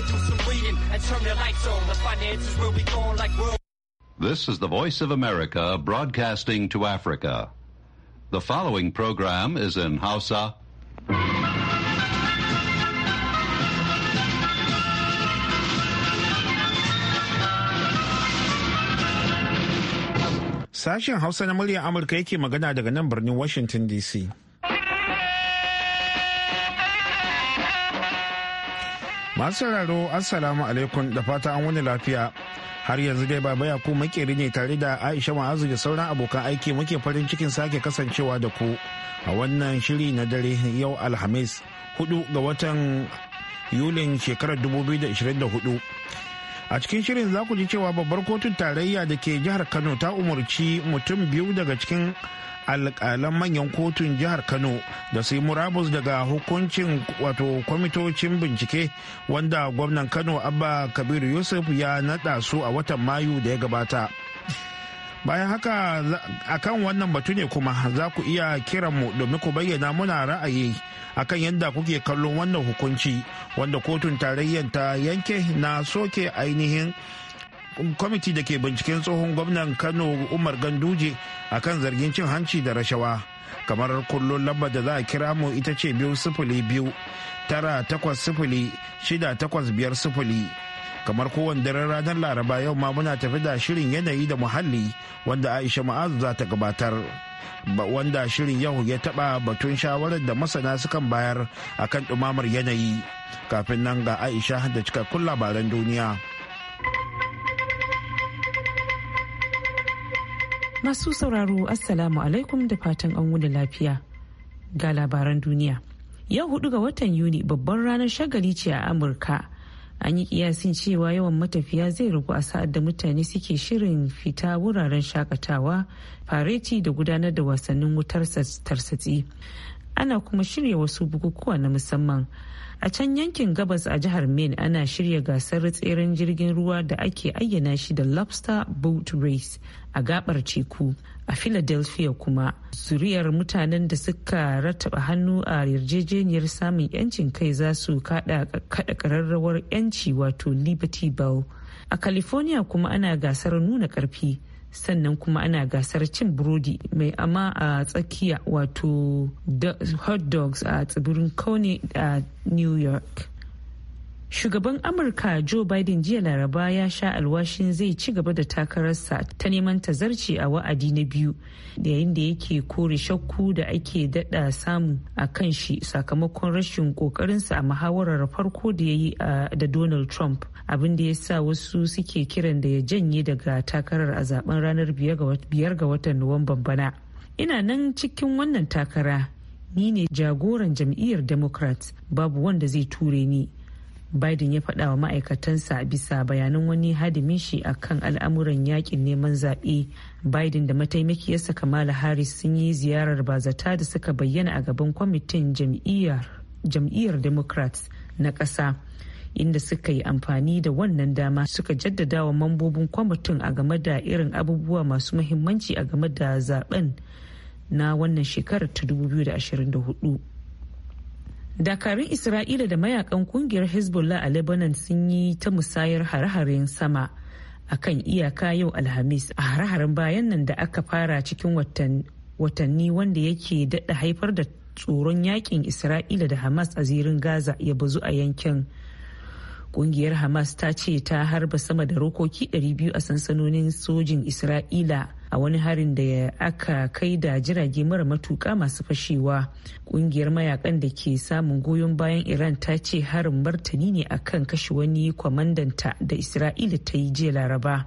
better do some reading and turn lights on. The finances will be gone like world. This is the Voice of America broadcasting to Africa. The following program is in Hausa. Sashen Hausa na muryar Amurka yake magana daga nan birnin Washington DC. Masu sauraro Assalamu alaikum da fata an wani lafiya. Har yanzu dai ba baba ku makeri ne tare da Aisha Ma'azu da sauran abokan aiki muke farin cikin sake kasancewa da ku a wannan shiri na dare yau Alhamis hudu ga watan Yulin shekarar 2024. A cikin shirin za ku ji cewa babbar kotun tarayya da ke jihar Kano ta umarci mutum biyu daga cikin alƙalan manyan kotun jihar kano da su yi murabus daga hukuncin wato kwamitocin bincike wanda gwamnan kano abba kabir yusuf ya naɗa su a watan mayu da ya gabata bayan haka akan wannan batu ne kuma za ku iya kiran mu domin ku bayyana muna ra'ayi akan yadda kuke kallon wannan hukunci wanda kotun tarayyar ta yanke na soke ainihin kwamiti da ke binciken tsohon gwamnan kano umar ganduje akan zargin cin hanci da rashawa kamar kullum lamba da za a kira mu ita ce biyu sifili biyu tara takwas sifili shida takwas biyar sifili kamar kowane daren ranar laraba yau ma muna tafi da shirin yanayi da muhalli wanda aisha ma'azu za ta gabatar wanda shirin yau ya taba batun shawarar da masana sukan bayar akan ɗumamar yanayi kafin nan ga aisha da cikakkun labaran duniya. Masu sauraro Assalamu alaikum da fatan an wuni lafiya ga labaran duniya. Yau hudu ga watan Yuni babban ranar shagali ce a Amurka. An yi kiyasin cewa yawan matafiya zai ragu a sa'ad da mutane suke shirin fita wuraren shakatawa, fareti da gudanar da wasannin wutar tarsatsi. ana kuma shirya wasu bukukuwa na musamman a can yankin gabas a jihar maine ana shirya gasar tseren jirgin ruwa da ake ayyana shi da lobster boat race a gabar teku a philadelphia kuma zuriyar mutanen da suka rataba hannu a yarjejeniyar samun yancin kai za su kada kararrawar yanci wato liberty bell a california kuma ana gasar nuna karfi sannan kuma ana gasar cin burodi mai amma a tsakiya wato hot dogs a tsibirin kauni a new york Shugaban Amurka Joe Biden jiya Laraba ya sha alwashin zai ci gaba da takararsa ta neman tazarci a wa'adi na biyu yayin da yake kore shakku da ake dada samu a kan shi sakamakon rashin kokarinsa a muhawarar farko da ya yi da Donald Trump abin da ya sa wasu suke kiran da ya janye daga takarar a zaben ranar biyar ga watan nuwamban bana ina nan cikin wannan takara ni ne jagoran jam'iyyar democrat babu wanda zai ture ni biden ya faɗa wa ma'aikatansa bisa bayanan wani hadimin shi a kan al'amuran yakin neman zaɓe biden da mataimakiyarsa kamala harris sun yi ziyarar bazata da suka bayyana a gaban kwamitin jam'iyyar democrats na ƙasa inda suka yi amfani da wannan dama suka jaddada wa mambobin kwamitin a game da irin abubuwa masu muhimmanci a game da zaben na wannan shekarar ta 2024. dakarun isra'ila da mayakan kungiyar hezbollah a lebanon sun yi ta musayar hare-haren sama a kan iyaka yau alhamis a hare-haren bayan nan da aka fara cikin watanni wanda yake daɗa haifar da tsoron yakin isra'ila da hamas a zirin gaza ya bazu a yankin kungiyar hamas ta ce ta harba sama da rokoki 200 a sansanonin sojin isra'ila a wani harin da aka kai da jirage mara matuka masu fashewa kungiyar mayakan da ke samun goyon bayan iran ta ce harin martani ne akan kashe wani kwamandanta da isra'ila ta yi jiya laraba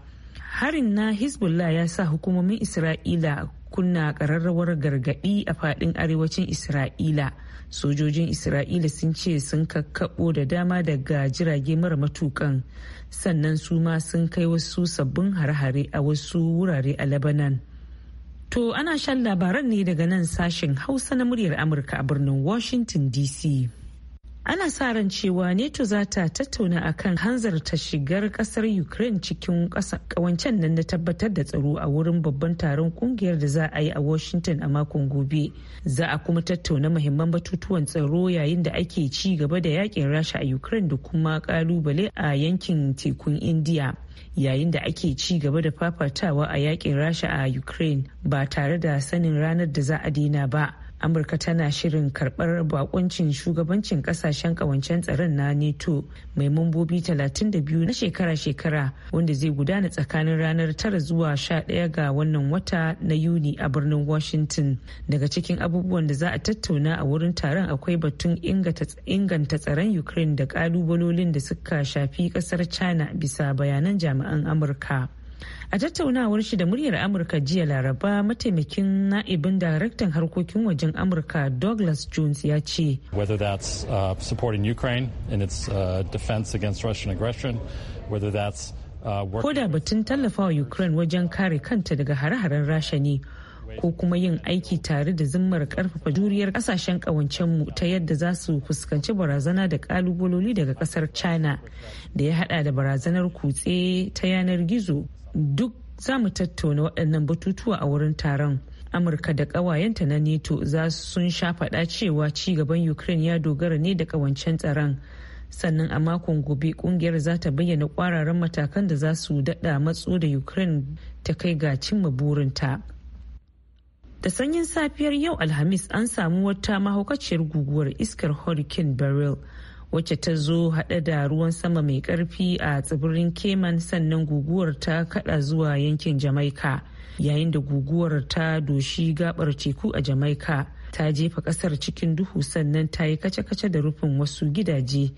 harin na hezbollah ya sa hukumomin isra'ila kunna kararrawar gargadi a fadin arewacin isra'ila sojojin isra'ila sun ce sun kakkaɓo da dama daga jirage mara matukan sannan su ma sun kai wasu sabbin hare-hare a wasu wurare a lebanon to ana shan labaran ne daga nan sashen hausa na muryar amurka a birnin washington dc ana sa ran cewa neto za ta tattauna akan hanzarta shigar kasar ukraine cikin kawancen nan na tabbatar da tsaro a wurin babban taron kungiyar da za a yi a washington a makon gobe za a kuma tattauna mahimman batutuwan tsaro yayin da ake ci gaba da yakin rasha a ukraine da kuma kalubale a yankin tekun india yayin da ake ci gaba da fafatawa a yakin rasha a ukraine ba tare da sanin ranar da za a daina ba amurka tana shirin karbar bakuncin shugabancin kasashen kawancen tsaron na neto mai mambobi 32 na shekara-shekara wanda zai gudana tsakanin ranar 9 zuwa 11 ga wannan wata na yuni a birnin washington daga cikin abubuwan da za a tattauna a wurin taron akwai batun inganta tsaron ukraine da kalubalolin da suka shafi kasar china bisa bayanan jami'an amurka a tattaunawar shi da muryar amurka jiya laraba mataimakin na'ibin daraktan harkokin wajen amurka douglas jones ya ce whether that's uh, supporting ukraine in its uh, defense against russian aggression whether that's uh, Koda batun tallafawa Ukraine wajen kare kanta daga hare-haren Rasha ne ko kuma yin aiki tare da zimmar karfafa juriyar kasashen ƙawancenmu ta yadda za su fuskanci barazana da ƙalubaloli daga kasar china da ya hada da barazanar kutse ta yanar gizo duk za mu tattauna waɗannan batutuwa a wurin taron amurka da ƙawayenta na neto za sun sha faɗa cewa ci gaban ukraine ya dogara ne da ƙawancen tsaron sannan a makon gobe kungiyar za ta bayyana kwararren matakan da za su daɗa matso da ukraine ta kai ga cimma burinta Da sanyin safiyar yau Alhamis an samu wata mahaukaciyar guguwar iskar Hurricane Beryl wacce ta zo hada da ruwan sama mai karfi a tsibirin keman sannan guguwar ta kada zuwa yankin Jamaika yayin da guguwar ta doshi gabar teku a Jamaika. ta jefa kasar cikin duhu sannan ta yi kace-kace da rufin wasu gidaje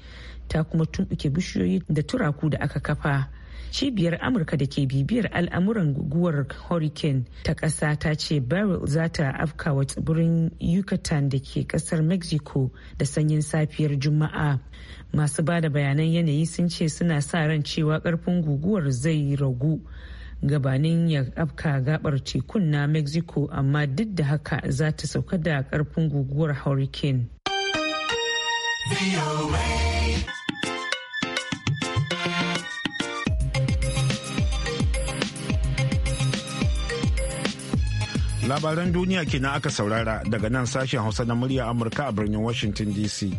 ta kuma tumɓuke bishiyoyi da turaku da aka kafa cibiyar amurka da ke bibiyar al'amuran guguwar hurricane ta ƙasa ta ce beryl za ta afkawa tsibirin yucatan da ke ƙasar mexico da sanyin safiyar juma'a masu ba da bayanan yanayi sun ce suna sa ran cewa ƙarfin guguwar zai ragu gabanin ya afka gabar tekun na mexico amma duk da haka za ta sauka da karfin guguwar hurricane. labaran duniya kenan aka saurara daga nan sashen hausa na murya amurka a birnin washington dc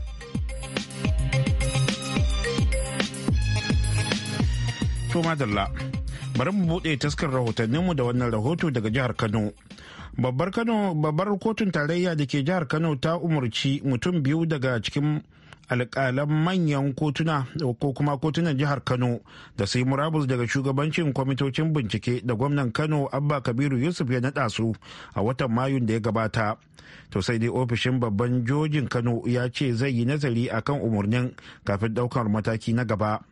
madalla bari mu buɗe taskar rahotanninmu da wannan rahoto daga jihar kano babbar kano babbar kotun tarayya da ke jihar kano ta umarci mutum biyu daga cikin alƙalan manyan kotuna ko kuma kotunan jihar kano da sai murabus daga shugabancin kwamitocin bincike da gwamnan kano abba kabiru yusuf ya naɗa su a watan mayun da ya gabata to sai dai ofishin babban jojin kano ya ce zai yi nazari akan umarnin kafin ɗaukar mataki na gaba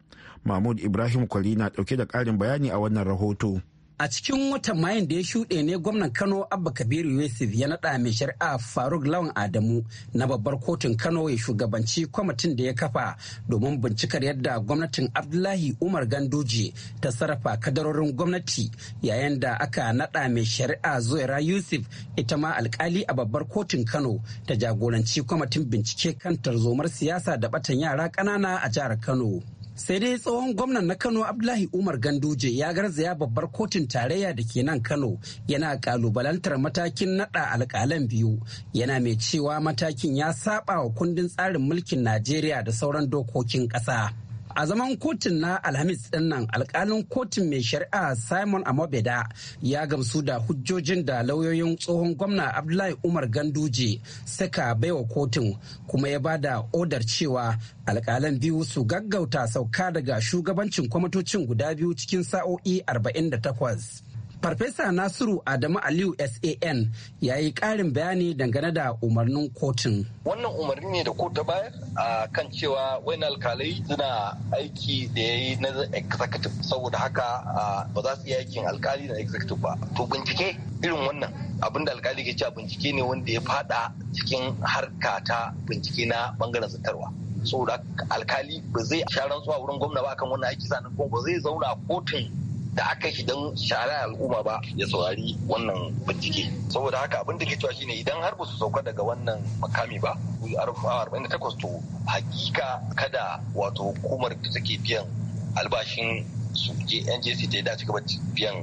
mahmud ibrahim kwali na ɗauke da ƙarin bayani a wannan rahoto a cikin watan mayun da ya shuɗe ne gwamnan kano abba kabiru yusuf ya naɗa mai shari'a faruk lawan adamu na babbar kotun kano ya shugabanci kwamitin da ya kafa domin bincikar yadda gwamnatin abdullahi umar ganduje ta sarrafa kadarorin gwamnati yayin da aka naɗa mai shari'a zuwaira yusuf ita ma alkali a babbar kotun kano ta jagoranci kwamitin bincike kan tarzomar siyasa da batan yara ƙanana a jihar kano sai dai tsohon gwamnan na kano abdullahi umar ganduje ya garzaya babbar kotun tarayya da ke nan kano yana kalubalantar matakin nada alkalan biyu yana mai cewa matakin ya saba wa kundin tsarin mulkin najeriya da sauran dokokin ƙasa. a zaman kotun na alhamis din nan alkalin kotun mai shari'a simon amobeda ya gamsu da hujjojin da lauyoyin tsohon gwamna abdullahi umar ganduje suka baiwa kotun kuma ya ba da odar cewa alkalan biyu su gaggauta sauka daga shugabancin kwamitocin guda biyu cikin sa'o'i 48 Farfesa Nasiru Adamu Aliyu SAN ya yi ƙarin bayani dangane da umarnin kotun. Wannan umarni ne da kotu ta bayar a kan cewa wani alkalai suna aiki da ya yi na executive saboda haka ba za su yi aikin alkali na executive ba. To bincike irin wannan abin alkali ke cewa bincike ne wanda ya fada cikin harka ta bincike na bangaren zartarwa. saboda alkali ba zai sharan zuwa wurin gwamna ba akan wannan aiki sanin ba zai zauna kotun da aka shi don shara al'umma ba ya saurari wannan bincike saboda haka abin da ke cewa shine idan har ba su sauka daga wannan makami ba takwas to hakika kada wato hukumar da take biyan albashin su ta yi da gabar biyan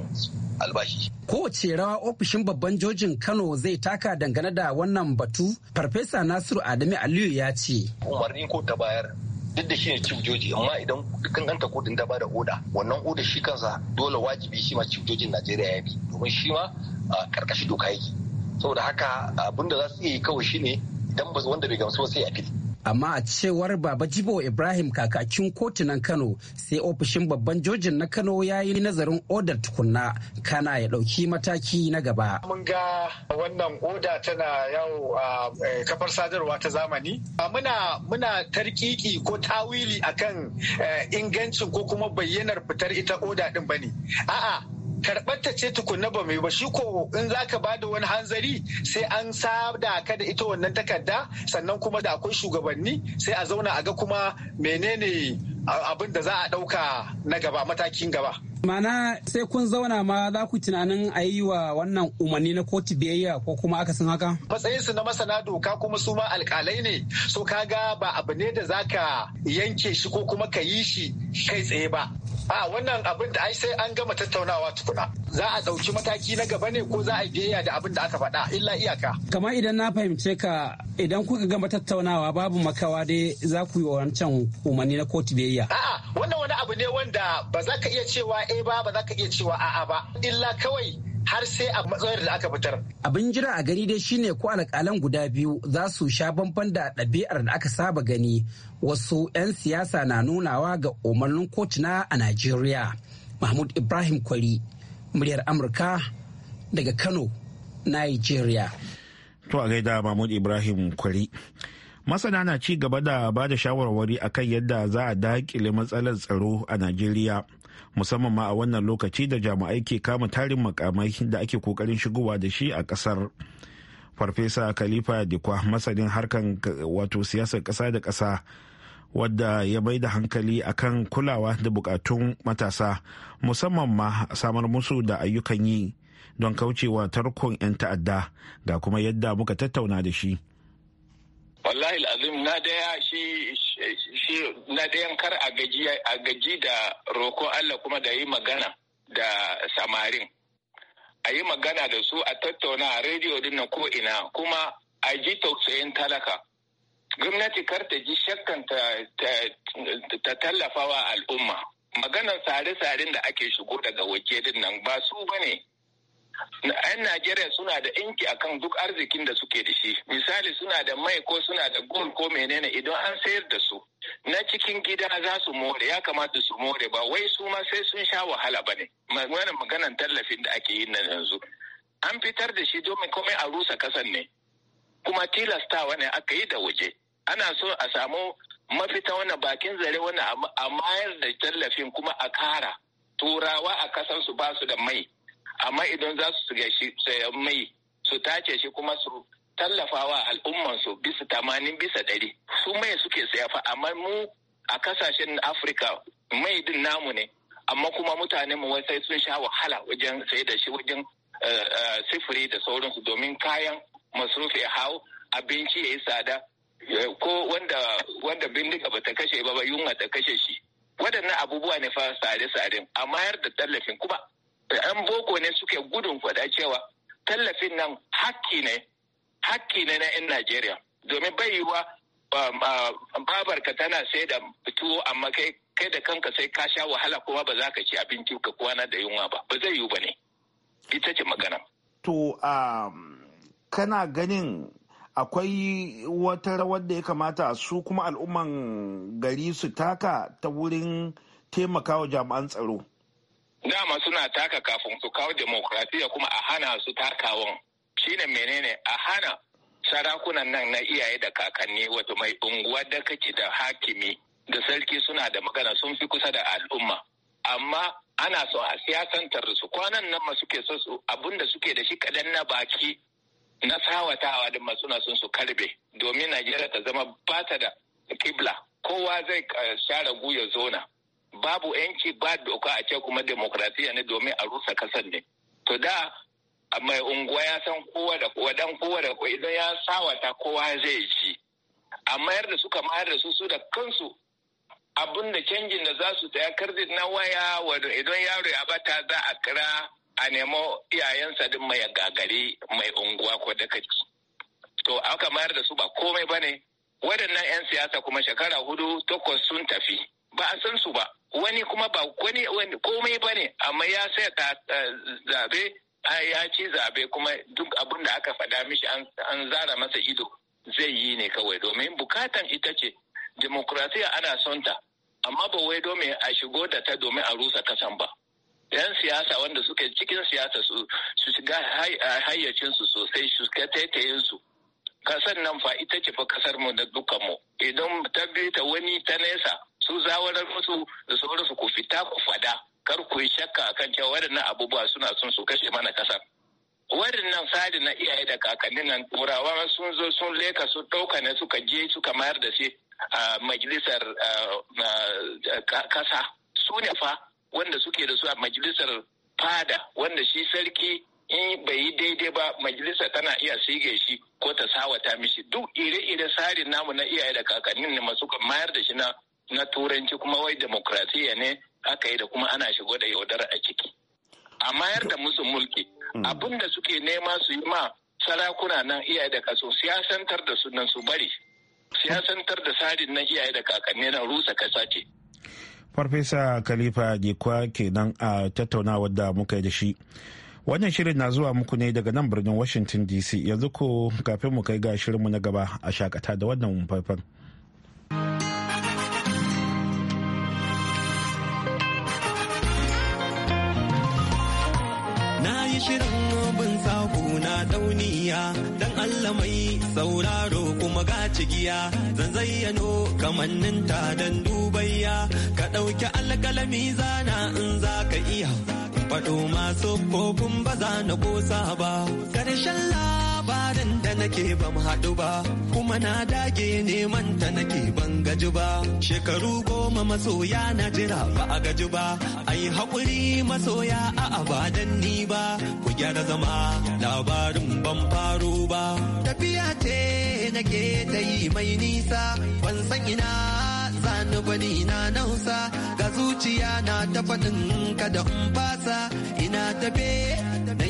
albashi. Kowace rawa ofishin babban jojin Kano zai taka dangane da wannan batu, Farfesa Nasiru Adamu Aliyu ya ce. Umarni ko ta bayar duk da shi ne chief amma idan dukkan ko kotun ta bada oda wannan oda shi kansa dole wajibi shi ma chief najeriya ya bi domin shi ma karkashin doka yake saboda haka abin za su iya yi kawai shi ne idan ba wanda bai gamsu ba sai a fili amma a cewar baba jibo ibrahim kakakin kotunan kano sai ofishin babban jojin na kano ya yi nazarin odar tukunna kana ya ɗauki mataki na gaba mun ga wannan oda tana yawo a eh, kafar sadarwa ta zamani muna muna tarkiki ko tawili akan eh, ingancin ko kuma bayyanar fitar ita oda din bane a'a karɓar ce tukunna ba mai ba shi ko in za ka ba da wani hanzari sai an sa da ka da ita wannan takarda sannan kuma da akwai shugabanni sai a zauna a ga kuma menene abin da za a ɗauka na gaba matakin gaba. Mana sai kun zauna ma za ku tunanin a yi wa wannan umarni na kotu biyayya ko kuma aka sun haka? Matsayinsu na masana doka kuma su ma alkalai ne, so kaga ba abu ne da zaka yanke shi ko kuma ka yi shi kai tsaye ba. a wannan abin da ai sai an gama tattaunawa tukuna za a ɗauki mataki na gaba ne ko za a biyayya da abin da aka faɗa illa iyaka kamar idan na fahimce ka idan kuka gama tattaunawa babu makawa dai za ku yi wancan umarni na kotu biyayya a'a wannan wani abu ne wanda ba za ka iya cewa eh ba ba za ka iya cewa a'a ba illa kawai har sai a matsayar da aka fitar. Abin jira a gani dai shine ko alƙalan guda biyu za su sha bamban da ɗabi'ar da aka saba gani wasu 'yan siyasa na nunawa ga umarnin kotuna a Najeriya. Mahmud Ibrahim Kwari, muryar Amurka daga Kano, Najeriya. To a gaida Mahmud Ibrahim Kwari. Masana na ci gaba da ba da shawarwari akan yadda za a daƙile matsalar tsaro a Najeriya. musamman ma a wannan lokaci da jami'ai ke kama tarin makamai da ake kokarin shigowa da shi a kasar farfesa khalifa dikwa masanin harkan wato siyasar kasa da kasa wadda ya bai da hankali akan kulawa da bukatun matasa musamman ma samar musu da ayyukan yi don kaucewa tarkon 'yan ta'adda ga kuma yadda muka tattauna da shi wallahi azim na daya shi shi na dayan kar a gaji a gaji da roko Allah kuma da yi magana da samarin a yi magana da su a tattauna a rediyo din na ko ina kuma a ji tausayin talaka gwamnati kar ta ji shakkan ta tallafawa al'umma maganar sare-saren da ake shigo daga waje din nan ba su bane 'yan Najeriya suna da inki akan duk arzikin da suke da shi misali suna da mai ko suna da gol ko menene idan an sayar da su na cikin gida za su more ya kamata su more ba wai su ma sai sun sha wahala ba ne wannan maganan tallafin da ake yi na yanzu an fitar da shi domin komai a rusa kasan ne kuma tilastawa ne aka yi da waje ana so a samu mafita wani bakin zare wani a mayar da tallafin kuma a kara turawa a kasansu ba su da mai amma idan za su sayan mai su tace shi kuma su tallafawa al'ummansu bisa tamanin bisa ɗari su mai suke saya fa amma mu a kasashen afirka mai din namu ne amma kuma mutane mu wai sai sun sha wahala wajen sai da shi wajen eh, eh, sifiri da sauransu domin kayan masrufi ya hau abinci ya yi tsada eh, ko wanda wanda bindiga ba ta kashe ba yunwa ta kashe shi waɗannan abubuwa ne fa sare tsaren a mayar da tallafin kuma 'yan boko ne suke gudun kwaɗa cewa tallafin nan hakki ne hakki ne na 'yan najeriya domin bai yiwa um, uh, babarka tana sai da tuwo amma kai kai da kanka sai ka sha wahala kuma ba za ka ci abinci ka kwana da yunwa ba ba zai yiwu ba ne ita ce magana to um, kana ganin akwai wata rawar da ya kamata su kuma al'umman gari su taka ta wurin taimakawa jami'an tsaro dama suna taka kafin su kawo demokratiya kuma a hana su takawan shine menene a hana sarakunan nan na iyaye da kakanni wato mai unguwa da kaci da hakimi da sarki suna da magana sun fi kusa da al'umma amma ana so a siyasantar su kwanan nan ma suke so su abinda suke da shi kadan na baki na sawatawa da masu na sun su karbe domin Najeriya ta zama bata da kibla kowa zai eh, share guya zona babu yanci ba doka a ce kuma demokrasiya ne domin a rusa kasar ne to da mai unguwa ya san kowa da kowa dan kowa da kowa idan ya sawata kowa zai ji amma yar da suka mayar da su su da kansu abin da canjin da za su taya ya na waya wadda idan yaro ya bata za a kira a nemo iyayensa din mai gagari mai unguwa ko daga to aka mayar da su ba komai ba ne waɗannan 'yan siyasa kuma shekara hudu takwas sun tafi ba a san su ba wani kuma ba wani komai ba ne amma ya sai zabe ya ci zabe kuma duk abin da aka faɗa mishi an zara masa ido zai yi ne kawai domin bukatan ita ce demokrasiya ana son ta amma ba wai domin a shigo da ta domin a rusa kasan ba yan siyasa wanda suke cikin siyasa su shiga hayyacinsu sosai su taitayin su kasar nan fa ita ce fa kasar mu da dukkanmu. idan ta ta wani ta nesa su zawarar musu da sauransu ku fita ku fada kar ku yi shakka kan cewa waɗannan abubuwa suna son su kashe mana ƙasa. waɗannan sadi na iyaye da kakannin nan turawa sun zo sun leka su ɗauka ne suka je suka mayar da shi a majalisar ƙasa su ne fa wanda suke da su a majalisar fada wanda shi sarki in bai yi daidai ba majalisa tana iya sige shi ko ta sawata mishi duk ire-ire tsarin namu na iyaye da kakannin ne masu mayar da shi na na turanci kuma wai demokrasiya ne aka yi da kuma ana shigo da yaudara a ciki a mayar da musu mulki mm. abin da suke nema su yi ma sarakuna nan iyaye da kaso siyasantar da sunan su bari siyasantar da sadin nan iyaye da kakanni na rusa kasa ce farfesa khalifa jikwa kenan a tattaunawar da muka yi da shi wannan shirin na zuwa muku ne daga nan birnin washington dc yanzu ko kafin mu kai ga shirinmu na gaba a shakata da wannan faifan. shirin bin sabu na dauniya dan Allah mai sauraro kuma ga cigiya zan zayyano kamannin ta dan dubayya ka dauki alkalami zana in za ka iya faɗo masu kofin baza na kosa ba Karshen la nake ban haɗu ba kuma na dage neman ta nake ban gaji ba shekaru goma masoya na jira ba a gaji ba ai haƙuri masoya a abadan ni ba ku gyara zama labarin ban faro ba tafiya ce nake ta yi mai nisa ban san ina sani bani na nausa ga zuciya na ta faɗin kada in fasa ina tafe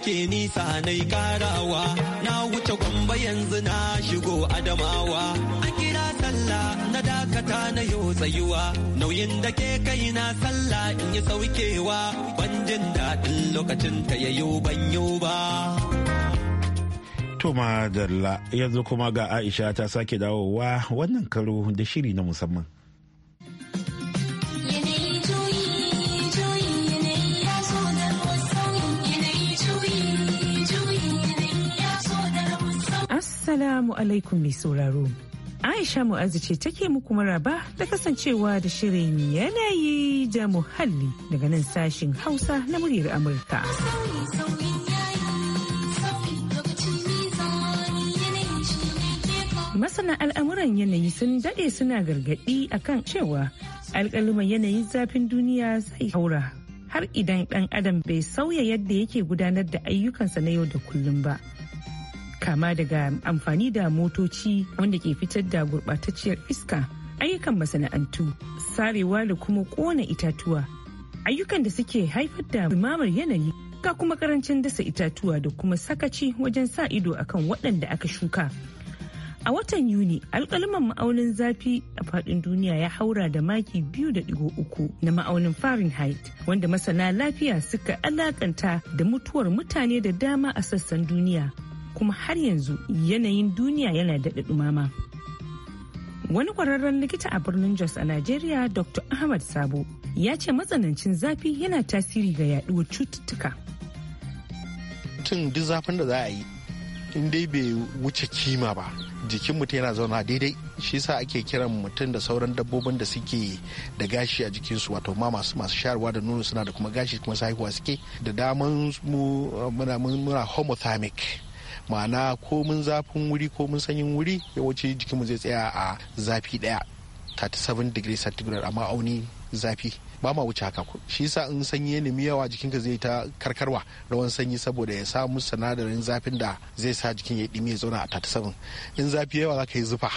nake nisa na karawa na wuce gwamba yanzu na shigo adamawa a kira sallah na dakata na yau tsayuwa nauyin da ke kai na sallah in yi saukewa ban jin daɗin lokacin ta yayo ban ba To madalla yanzu kuma ga Aisha ta sake dawowa wannan karo da shiri na musamman. Assalamu alaikum mai sauraro. Aisha Mu'azu ce take muku maraba da kasancewa da shirin yanayi da muhalli daga nan sashin Hausa na muryar Amurka. Masana al'amuran yanayi sun daɗe suna gargaɗi akan cewa alƙaluman yanayin zafin duniya zai haura har idan ɗan adam bai sauya yadda yake gudanar da ayyukansa na yau da kullum ba. kama daga amfani da motoci wanda ke fitar da gurɓatacciyar iska ayyukan masana'antu sarewa da kuma ƙona itatuwa ayyukan da suke haifar da limamar yanayi ga kuma karancin dasa itatuwa da kuma sakaci wajen sa ido akan waɗanda aka shuka a watan yuni alkalaman ma'aunin zafi a fadin duniya ya haura da maki biyu da uku na ma'aunin fahrenheit wanda masana lafiya suka alakanta da mutuwar mutane da dama a sassan duniya kuma har yanzu yanayin duniya yana daɗa ɗumama. Wani ƙwararren likita a birnin Jos a Najeriya Dr. Ahmad Sabo ya ce matsanancin zafi yana tasiri ga yaɗuwar cututtuka. Tun duk zafin da za a yi in dai bai wuce kima ba jikin mutum yana zauna daidai shi sa ake kiran mutum da sauran dabbobin da suke da gashi a jikinsu wato ma masu masu sharwa da nuna suna da kuma gashi kuma sahihuwa suke da daman muna muna homothermic ma'ana ko mun zafin wuri ko mun sanyin wuri yawanci jikinmu zai tsaya a zafi daya 37 degrees centigrade amma auni zafi ba ma wuce haka shi yasa in sanyi ya nemi yawa jikinka zai ta karkarwa rawan sanyi saboda ya samu sinadarin zafin da zai sa jikin ya dimi ya zauna a 37 in zafi yawa za ka yi zufa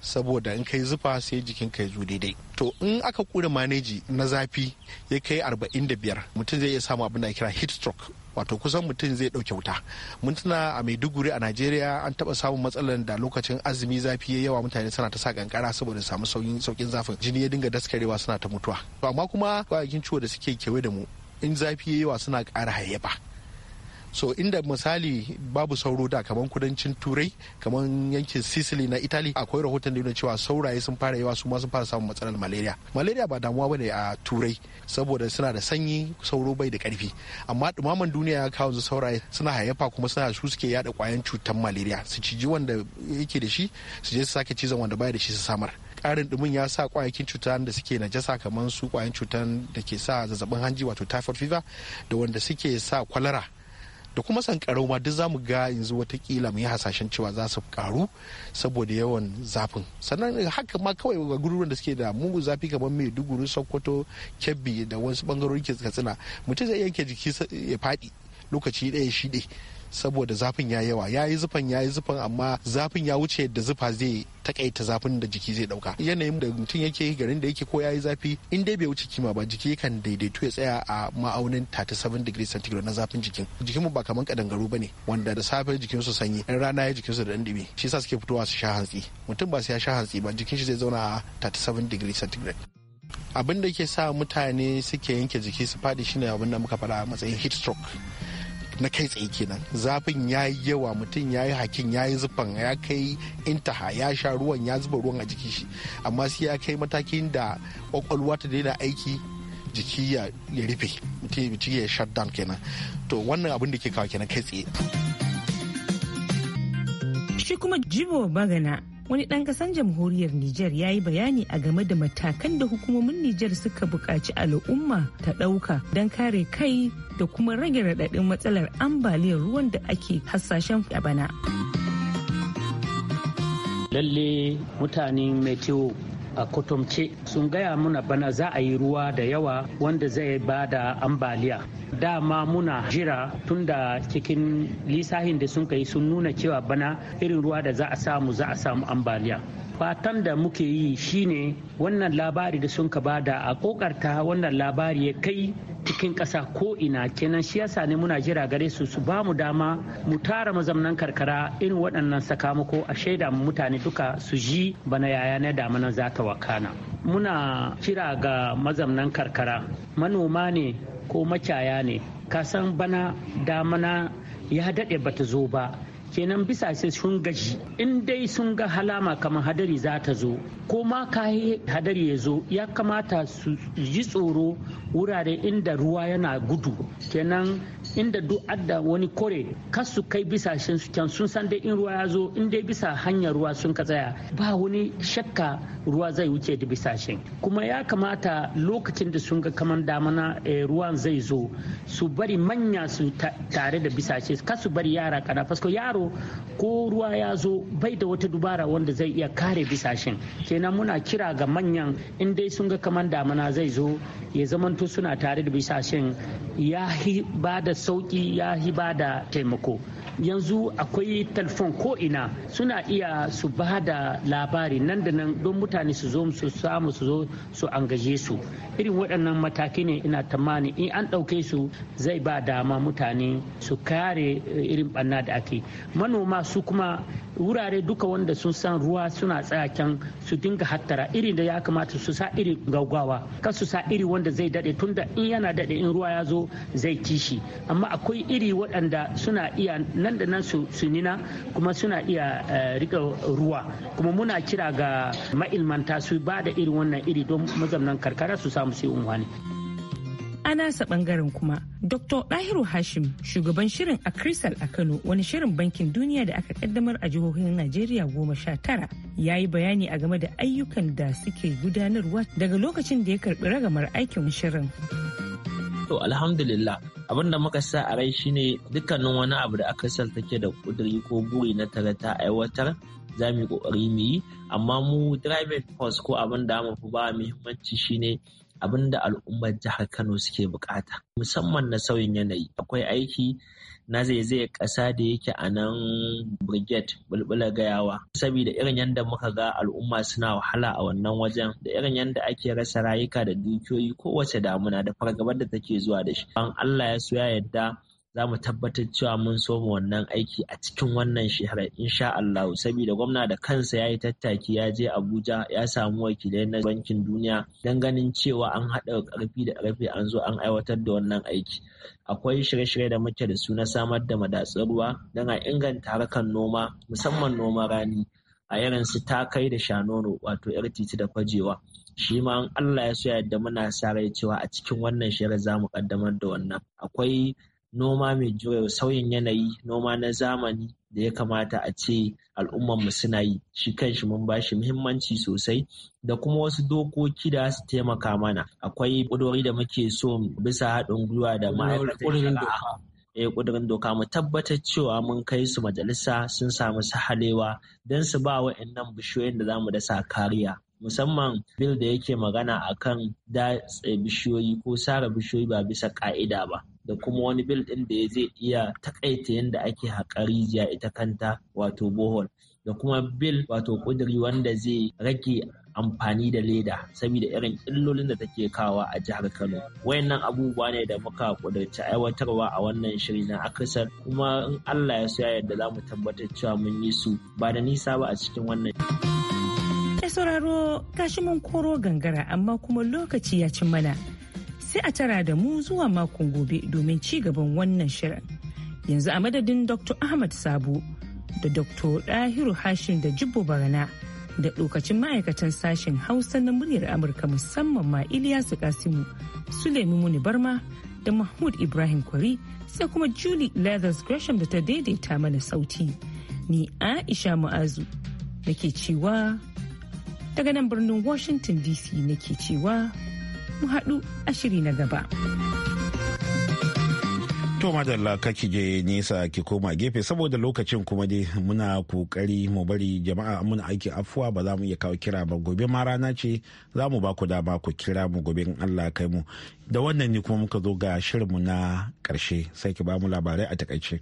saboda in kai zufa sai jikin ka zo daidai to in aka kura maneji na zafi ya kai 45 mutum zai iya samu abin da kira heat stroke wato kusan mutum zai ɗauke wuta mun tuna a maiduguri a najeriya an taɓa samun matsalar da lokacin azumi zafi ya yawa mutane suna ta sa kankara saboda samu saukin zafin jini ya dinga daskarewa suna ta mutuwa amma kuma kwayakin ciwo da suke kewaye da mu in zafi ya yawa suna ƙara hayyafa so inda misali babu sauro da kamar kudancin turai kaman yankin sicily na italy akwai rahoton da cewa sauraye sun fara yawa su ma sun fara samun matsalar malaria malaria ba damuwa bane a turai saboda suna da sanyi sauro bai da karfi amma dumaman duniya ya kawo sauraye suna hayafa kuma suna su suke yada kwayan cutar malaria su ciji wanda yake da shi su je su sake cizon wanda baya da shi su samar karin dumin ya sa kwayakin cuta da suke najasa kamar su kwayan cutar da ke sa zazzabin hanji wato typhoid fever da wanda suke sa kwalara da kuma sankarau ma duk zamu ga yanzu watakila mu yi hasashen cewa za su karu saboda yawan zafin sannan haka ma kawai ga garuruwan da suke da mugu zafi kamar maiduguri sokoto kebbi da wasu bangarori ke katsina mutum zai yanke jiki ya faɗi lokaci ɗaya shi ɗaya saboda zafin ya yawa ya yi zufan ya yi zufan amma zafin ya wuce yadda zufa zai takaita zafin da jiki zai dauka yanayin da mutum yake garin da yake ko ya yi zafi in dai bai wuce kima ba jiki kan daidaito ya tsaya a ma'aunin 37 degrees centigrade na zafin jikin jikin mu ba kamar kadangaru ne wanda da safe jikin su sanyi in rana ya jikin su da dimi shi yasa suke fitowa su sha hantsi mutum ba sai ya sha hantsi ba jikin shi zai zauna a 37 degrees centigrade abin da ke sa mutane suke yanke jiki su faɗi shine abin da muka fara a matsayin heat stroke na kai tsaye kenan zafin ya yi yawa mutum ya yi hakin ya yi zufan ya kai intaha ya sha ruwan ya zuba ruwan a jikin shi amma sai ya kai matakin da kwakwalwa ta daina aiki jiki ya rufe mutum ya shut down kenan to wannan abin da ke kawo kenan kai tsaye shi kuma jibo bagana wani ɗan ƙasan jamhuriyar Nijar ya yi bayani a game da matakan da hukumomin Nijar suka buƙaci al'umma ta ɗauka don kare kai da kuma rage raɗaɗin matsalar ambaliyar ruwan da ake hasashen a bana. lalle mutanen meteo a kotomce sun gaya muna bana za a yi ruwa da yawa wanda zai ba da ambaliya dama muna jira tun da cikin lisahin da sun kai sun nuna cewa bana irin ruwa da za a samu za a samu ambaliya fatan da muke yi shine wannan labari da sun ka da a kokarta wannan labari ya kai cikin kasa ko ina kenan shi yasa ne muna jira gare su su ba mu dama mu tara mazamnan karkara irin waɗannan sakamako a shaida mutane duka su ji bana yaya na damana za ta wakana muna kira ga mazamnan karkara manoma ne ko macaya ne kasan bana damana ya daɗe bata zo ba kenan bisa sai sun gashi in dai sun ga halama kamar hadari za ta zo ko ma kayi hadari ya zo ya kamata su ji tsoro wurare inda ruwa yana gudu kenan inda duk adda wani kore kas su kai bisashen su can sun san dai in ruwa ya zo in dai bisa hanyar ruwa sun ka tsaya ba wani shakka ruwa zai wuce da bisashen kuma ya kamata lokacin da sun ga kaman damana eh, ruwan zai zo su bari manya su tare da shin kas su bari yara kana fasko yaro ko ruwa ya zo bai da wata dubara wanda zai iya kare bisashen kenan muna kira ga manyan in dai sun ga kaman damana zai zo ya zamanto suna tare da bisashen ya ba da sauki ya hi ba da taimako yanzu akwai telefon ko ina suna iya su ba da labari nan da nan don mutane su zo su samu su zo su angaje su irin waɗannan mataki ne ina tamani in an ɗauke su zai ba dama mutane su kare eh, irin ɓanna da ake manoma su kuma wurare duka wanda sun san ruwa suna tsaya can su dinga hattara iri da ya kamata su sa iri gaugawa kan su sa iri wanda zai dade tunda in yana dade in ruwa ya zo zai kishi amma akwai iri waɗanda suna iya nan da nan su nina kuma suna iya eh, rika ruwa kuma muna kira ga ma'ilmanta su ba da irin wannan iri don mazamnan karkara su samu sai ne. a nasa bangaren kuma dr dahiru hashim shugaban shirin a crystal a kano wani shirin bankin duniya da aka kaddamar a jihohin najeriya goma sha tara ya yi bayani a game da ayyukan da suke gudanarwa daga lokacin da ya karbi ragamar aikin shirin to alhamdulillah abin da muka sa a rai shine dukkanin wani abu da aka take da kuduri ko buri na tare ta aiwatar za mu yi kokari mu yi amma mu driving force ko abin da mu fi ba muhimmanci shine abin da al'ummar jihar Kano suke bukata musamman na sauyin yanayi akwai aiki na zaizayar ƙasa da yake a nan brigade bulbula gayawa saboda irin yadda muka ga al'umma suna wahala a wannan wajen da irin yadda ake rasa rayuka da dukiyoyi kowace damuna da fargabar da take zuwa da shi an Allah ya so ya yadda za mu tabbatar cewa mun so mu wannan aiki a cikin wannan shahara insha Allah saboda gwamna da kansa ya yi tattaki ya je Abuja ya samu wakilai na bankin duniya don ganin cewa an haɗa ƙarfi da ƙarfi an zo an aiwatar da wannan aiki akwai shirye-shirye da muke da su na samar da madatsar ruwa don a inganta harkar noma musamman noma rani a irin su takai da shanono wato yar titi da fajewa shi ma Allah ya so yadda muna sa rai cewa a cikin wannan shihar za mu kaddamar da wannan akwai noma mai juya sauyin yanayi noma na zamani da ya kamata a ce al'ummarmu suna yi shi kanshi mun ba shi muhimmanci sosai da kuma wasu dokoki da su taimaka mana akwai ƙudurori da muke so bisa haɗin gwiwa da ma'aikatan ya eh, ƙudurin doka mu tabbatar cewa mun kai su majalisa sun samu sahalewa don su ba wa'annan bishiyoyin da zamu dasa kariya musamman bil da yake magana akan da eh, bishiyoyi ko sare bishiyoyi ba bisa ka'ida ba da kuma wani bil ɗin da zai iya takaita yadda ake haƙa rijiya ita kanta wato bohol da kuma bil wato ƙudiri wanda zai rage amfani da leda saboda irin illolin da take kawa a jihar Kano. Wayannan abubuwa ne da muka kudurci aiwatarwa a wannan shiri na akasar kuma in Allah ya so yadda za mu tabbatar cewa mun yi su ba da nisa ba a cikin wannan. sauraro kashi mun koro gangara amma kuma lokaci ya ci mana sai a tara da mu zuwa makon gobe domin ci gaban wannan shirin. Yanzu a madadin Dr. Ahmad Sabo da Dr. Dahiru Hashim da Jibbo Barana da lokacin ma'aikatan sashen Hausa na muryar Amurka musamman ma Iliyasu Kasimu, Sulemi Muni Barma da Mahmud Ibrahim Kwari sai kuma Julie Leathers Gresham da ta daidaita mana sauti. Ni Aisha Mu'azu nake cewa daga nan birnin Washington DC nake cewa mu haɗu a shiri na gaba. To madalla kake je nesa ki koma gefe saboda lokacin kuma dai muna kokari mu bari jama'a muna aiki afuwa ba za mu iya kawo kira ba gobe ma rana ce za mu ba ku dama ku kira mu gobe in Allah kai mu da wannan ne kuma muka zo ga shirinmu na karshe sai ki ba mu labarai a takaice.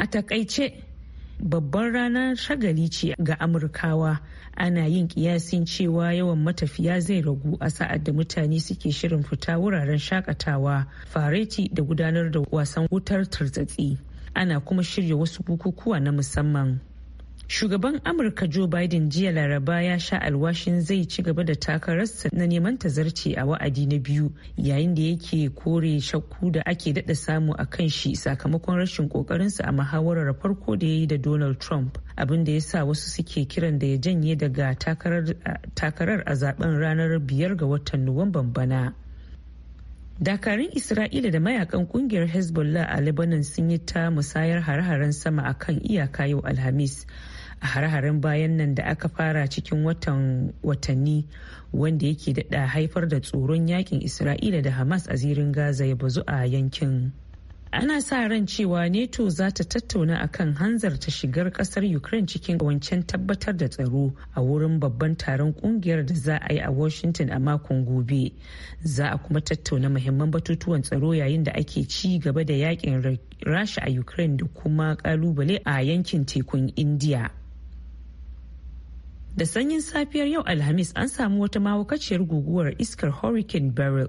A takaice babban ranar shagali ce ga Amurkawa ana yin kiyasin cewa yawan matafiya zai ragu a sa'ad da mutane suke shirin fita wuraren shakatawa fareti da gudanar da wasan wutar tartsatsi ana kuma shirya wasu bukukuwa na musamman Shugaban Amurka Joe Biden jiya Laraba ya sha alwashin zai ci gaba da takararsa na neman tazarci a wa'adi na biyu yayin da yake kore shakku da ake daɗa samu a kan shi sakamakon rashin ƙoƙarinsa a muhawarar farko da ya yi da Donald Trump abin da ya sa wasu suke kiran da ya janye daga takarar a zaben ranar biyar ga watan Nuwamban bana. dakarun isra'ila da mayakan kungiyar hezbollah a lebanon sun yi ta musayar hare-haren sama akan iyaka yau alhamis a hare-haren bayan nan da aka fara cikin watan watanni wanda yake daɗa haifar da tsoron yakin isra'ila da hamas a zirin gaza ya bazu a yankin ana sa ran cewa neto za ta tattauna a akan hanzarta shigar kasar ukraine cikin wancan tabbatar da tsaro a wurin babban taron kungiyar da za a yi a washington a makon gobe za a kuma tattauna muhimman batutuwan tsaro yayin da ake ci gaba da yakin rasha a ukraine da kuma kalubale a yankin tekun india da sanyin safiyar yau alhamis an samu wata mawakaciyar guguwar iskar hurricane beryl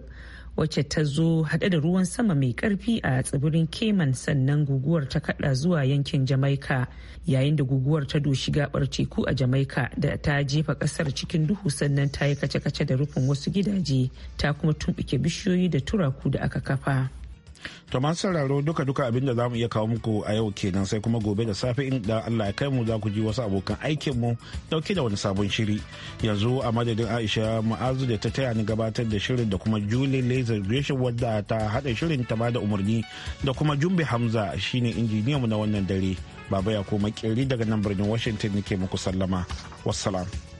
wacce ta zo hade da ruwan sama mai karfi a tsibirin cayman sannan guguwar ta kada zuwa yankin jamaika yayin da guguwar ta doshi gabar teku a jamaika da ta jefa kasar cikin duhu sannan ta yi kace-kace da rufin wasu gidaje ta kuma tumbuke bishiyoyi da turaku da aka kafa To masu sauraro duka-duka abin da za mu iya kawo muku a yau kenan sai kuma gobe da safe in da Allah ya kai mu za ku ji wasu abokan aikin mu dauke da wani sabon shiri. Yanzu a madadin Aisha Ma'azu da ta taya ni gabatar da shirin da kuma Julie Laser Gresham wadda ta hada shirin ta bada umarni da kuma Jumbe Hamza shine injiniyan mu na wannan dare. Baba ya koma kiri daga nan birnin Washington nake muku sallama. Wassalam.